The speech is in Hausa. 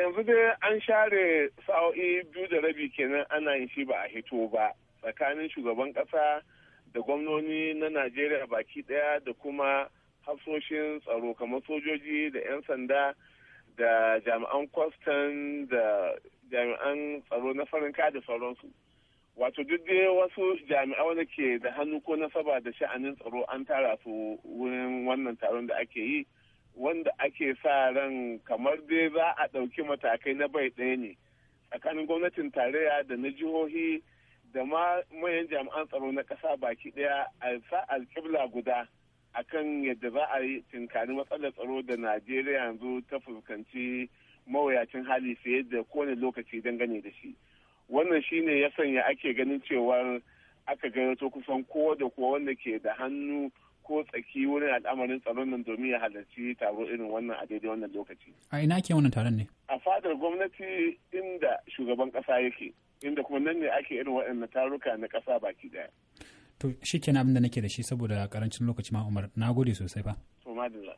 yanzu dai an share sa'o'i biyu da rabi kenan ana yin shi ba a hito ba tsakanin shugaban kasa da gwamnoni na najeriya baki daya da kuma hafsoshin tsaro kamar sojoji da 'yan sanda da jami'an kwastan da jami'an tsaro na farin da sauransu wato duk dai wasu jami'a wanda ke da hannu ko nasaba da sha'anin tsaro an tara su wurin wannan taron da ake yi wanda ake sa ran kamar dai za a ɗauki matakai na bai ɗaya ne tsakanin gwamnatin tarayya da na jihohi da ma manyan jami'an tsaro na ƙasa baki ɗaya a sa alƙibla guda akan yadda za a yi tinkari matsalar tsaro da najeriya yanzu ta fuskanci mawuyacin hali fiye da kowane lokaci dangane da shi wannan shine ya sanya ake ganin cewar aka gayyato kusan kowa da kowa wanda ke da hannu ko tsaki wurin al'amarin tsaron nan domin ya halarci taro irin wannan a daidai wannan lokaci. A ina ke wannan taron ne? A fadar gwamnati inda shugaban kasa yake, inda kuma nan ne ake irin waɗannan taruka na kasa baki daya To shi kenan abin da nake da shi saboda karancin lokaci ma Umar, na gode sosai fa. To madalla.